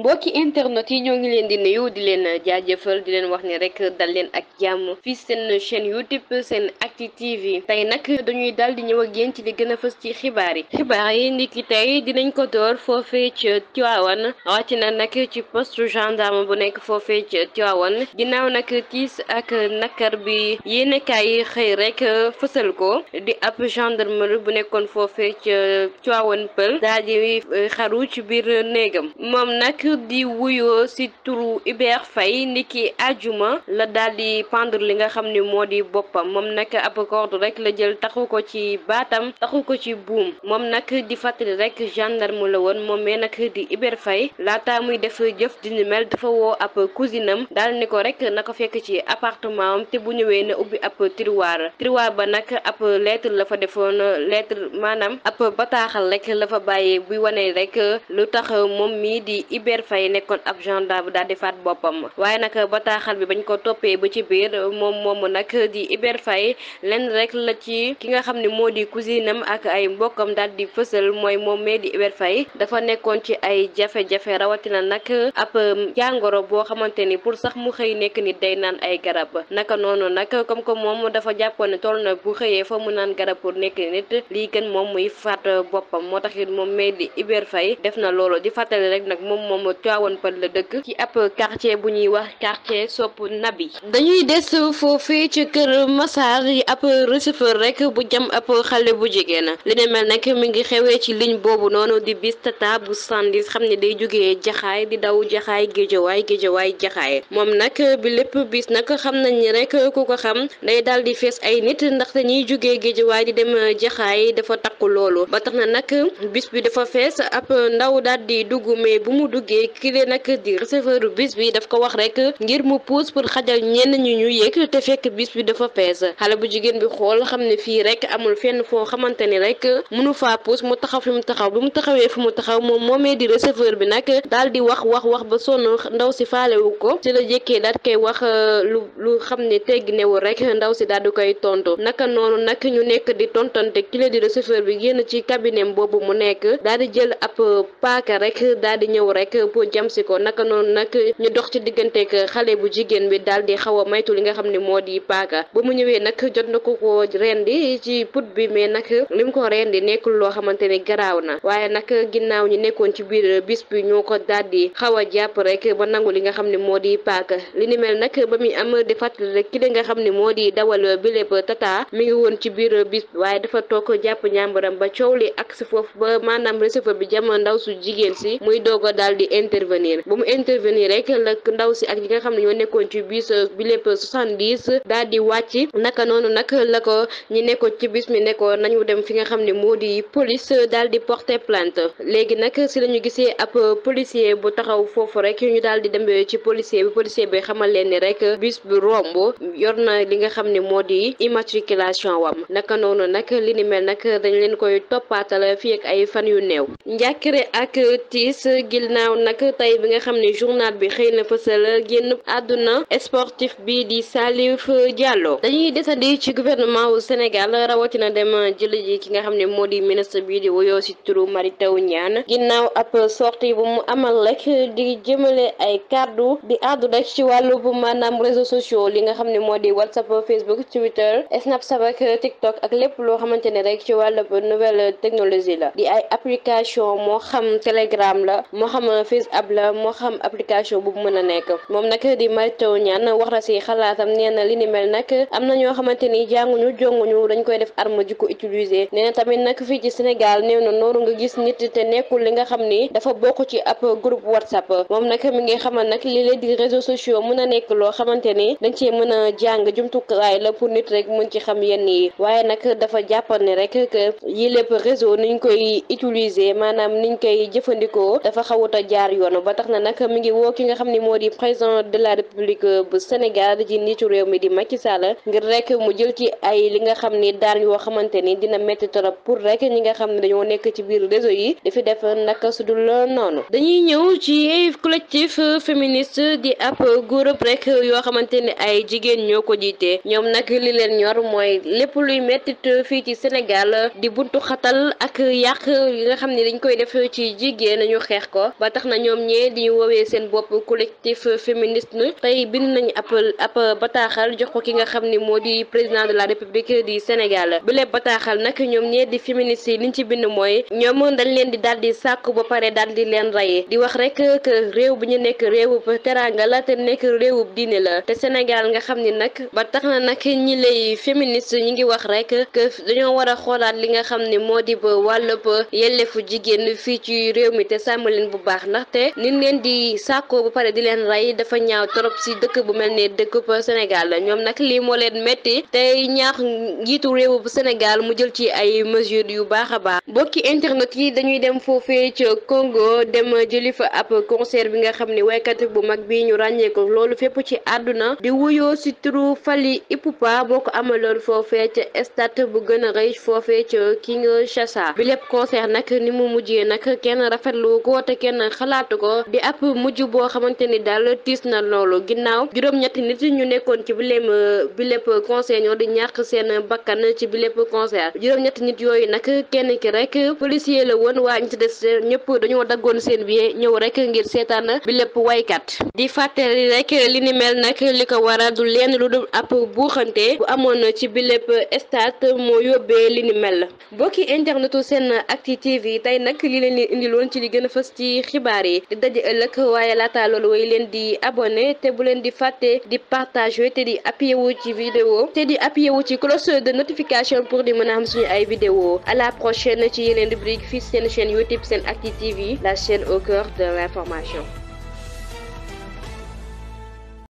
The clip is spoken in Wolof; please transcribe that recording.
mbokki internet yi ñoo ngi leen di nuyu di leen jaajëfal di leen wax ni rek dal leen ak jàmm fii seen chaîne youtube seen acti yi tey nag dañuy dal di ñëw ak yéen ci li gën a fës ci xibaar yi xibaar yi ndiki tey dinañ ko door foofe ci Tiwaawan na nag ci poste gendarme bu nekk foofee ci Tiwaawan ginnaaw nag tiis ak nakar bi yéenekaay yi xëy rek fësal ko di ab gendarmerie bu nekkoon foofee ci Tiwaawan pël daal xaru ci biir néegam moom nag kii di wuyoo ci turu Hubert Faye niki ajuma la daal di pendre li nga xam ni moo di boppam moom nag ab corde rek la jël taxu ko ci baatam taxu ko ci buum moom nag di fàttali rek gendarme la woon moom mee nag di Hubert Faye laata muy def jëf di ni mel dafa woo ab cousinam daal ni ko rek na ko fekk ci appartement te bu ñëwee na ubbi ab tiroir tiroir ba nag ab lettre la fa defoon lettre maanaam ab bataaxal rek la fa bàyyee buy wane rek lu tax moom mii di Hubert Père Faye nekkoon ab gendarme daal di faat boppam waaye nag bataaxal bi bañ ko toppee ba ci biir moom moomu nag di Iber Faye lenn rek la ci ki nga xam ni moo di cousinam ak ay mbokkam daal di fësal mooy moom mee di Iber Faye dafa nekkoon ci ay jafe-jafe rawatina nag ab um, jàngoro boo xamante ni pour sax mu xëy nekk nit day naan ay garab naka noonu nag comme que moom dafa jàppoon ne toll na bu xëyee fa mu naan garab pour nekk nit lii gën moom muy faat boppam ma Tivaouane Peulh la dëkk ci ab quartier bu ñuy wax quartier sopp nabi dañuy des foofee ci kër Massar yi ab receveur rek bu jam ab xale bu jigéen li ne mel nag mu ngi xewee ci ligne boobu noonu di bis tata bu sandis xam ne day jógee jaxaay di daw jaxaay géejawaay géejawaay jaxaay moom nag bi lépp bis nag xam nañ ni rek ku ko xam day daal di fees ay nit ndaxte ñiy jógee géejawaay di dem jaxaay dafa takku loolu ba tax na nag bis bi dafa fees ab ndaw daal dugg mais yi ki lee nag di receveur bis bi daf ko wax rek ngir mu puus pour xajal ñenn ñu ñu yéeg te fekk bis bi dafa fees xale bu jigéen bi xool xam ne fii rek amul fenn foo xamante ni rek munu faa puus mu taxaw fi mu taxaw bi mu taxawee fi mu taxaw moom moomee di receveur bi nag daal di wax wax wax ba sonn ndaw si faalewu ko ci la jékkee daal koy wax euh, lu lu xam ne tegg newul rek ndaw si daal di koy tontu naka noonu nag ñu nekk di tonton ki la di receveur bi génn ci cabinet boobu mu nekk daal di jël ab paaka rek daal di ñëw rek bu jam si ko naka noonu nag ñu dox ci digganteeg xale bu jigéen bi daal di xaw a maytu li nga xam ne moo di paaka ba mu ñëwee nag jot na ko ko rendi ci put bi mais nag li mu ko rendi nekkul loo xamante ne garaaw na waaye nag ginnaaw ñi nekkoon ci biir bis bi ñoo ko daal di xaw a jàpp rek ba nangu li nga xam ne moo di paaka li ni mel nag ba muy am di fàttali rek ki la nga xam ne moo di dawal bi lépp tata mi ngi woon ci biir bis waaye dafa toog jàpp ñàmbaram ba coow li ak si foofu ba maanaam receveur bi jam ndaw su jigéen si muy doog a intervenir ba mu intervenir rek nag ndaw si ak ñi nga xam ne ñoo nekkoon ci bus euh, bi lépp soixante-dix daal di wàcc naka noonu nag la ko ñi nekkoon ci bus mi nekkoon nañu dem fi nga xam ne moo di police euh, daal di porter plainte léegi nag si lañu gisee ab euh, policier bu taxaw foofu rek ñu daal di dem ci policier bi policier bi xamal leen ni rek bus bu romb yor na li nga xam ne moo di immatriculation wam naka noonu nag li ni mel nag dañ leen koy toppaatal fi ak ay fan yu néew ginnaaw nag tey bi nga xam ne journal bi xëy na fësal génn àdduna sportif bi di Salif Diallo dañuy desandi ci gouvernement wu Sénégal rawatina dem jëli ji ki nga xam ne moo di ministre bi di woyoo si turu Mary Teuw Niane ginnaaw ab sorti bu mu amal rek di jëmale ay kàddu di àddu rek ci wàll bu maanaam réseaux sociaux li nga xam ne moo di WhatsApp Facebook Twitter Snapchat ak TikTok ak lépp loo xamante ni rek ci wàllu nouvelle technologie la di ay application moo xam Hafiz Abla moo xam application bu mën a nekk moom nag di Mary Teuw Niane wax na si xalaatam nee na li ni mel nag am na ñoo xamante ni jànguñu jonguñu na tamit nag fii ci Sénégal néew na noonu nga gis nit te nekkul li nga xam ni dafa bokk ci ab groupe WhatsApp moom nag mi ngi xamal nag li leen di réseaux sociaux mën a nekk loo xamante ni dañ cee mën a jàng jumtukaay la pour nit rek mën ci xam yenn yi waaye nag dafa jàppal ne rek que yi lépp réseau niñ koy utiliser maanaam niñ koy jëfandikoo dafa xawut a jaar yoon ba tax na nag mi ngi woo ki nga xam ne moo di président de la république euh, bu Sénégal ji nitu réew mi di Macky Sall ngir rek mu jël ci ay li nga xam ni daan yoo xamante ni dina métti trop pour rek ñi nga xam ne dañoo nekk ci biir réseau yi dafi def naka su dul noonu dañuy ñëw ci collectif féministe di ab groupe rek yoo xamante ni ay jigéen ñoo ko jiitee ñoom nag li leen ñor mooy lépp luy mettit fii ci Sénégal di buntu xatal ak yàq yi nga xam ne dañ koy def ci jigéen ñu xeex ko ba tax na ñoom ñee di woowee seen bopp collectif féministe tey bind nañu ab ab bataaxal jox ko ki nga xam ni moo di président de la république du Sénégal bi lépp bataaxal nag ñoom ñee di féministes yi liñ ci bind mooy ñoom dañ leen di daal di sàkku ba pare daal di leen rey di wax rek que réew bi ñu nekk réewub teraanga la te nekk réewub diine la te Sénégal nga xam ni nag ba tax na nag ñi lay féministe ñi ngi wax rek que dañoo war a xoolaat li nga xam ni moo di ba wàllub yelleefu jigéen fii ci réew mi te ndaxte niñ leen di sàkkoo bu pare di leen rey dafa ñaaw trop si dëkk bu mel ne dëkk bu Sénégal la ñoom nag lii moo leen métti tey ñaax njiitu réew bu Sénégal mu jël ci ay mesures yu baax a baax bokki internet yi dañuy dem foofee ca Congo dem jëli fa ab concert bi nga xam ni waykat bu mag bi ñu ràññeeku loolu fépp ci àdduna di wuyoo si turu Fally Ipupa boo ko amaloon foofee ca stade bu gën a rëy foofee ca Kinshasa bi lépp concert nag ni mu mujjee nag kenn rafetlu xalaatu ko di ab mujj boo xamante ni daal tiis na loolu ginnaaw juróom-ñetti nit ñu nekkoon ci bileem bi lépp conseil ñoo di ñàkk seen bakkan ci bi lépp conseil juróom-ñetti nit yooyu nak kenn ki rek policier la woon waa ñu ci des ñëpp dañoo daggoon seen billet ñëw rek ngir seetaan bi lépp waykat di fàttali rek li ni mel nag li ko waral du leen lu dul ab buuxante bu amoon ci bi lépp moo yóbbee li ni mel bokki internetu seen Actu TV tey nag xibaar yi di daje ëllëg waaye laata loolu way leen di abonné te bu leen di fàtte di partagé te di appuyé wu ci vidéo te di appuyé wu ci cloche de notification pour di mën a am suñu ay vidéo à la prochaine ci yeneen rubrique fii seen chaîne YouTube SENactu TV la chaîne au cœur de l'information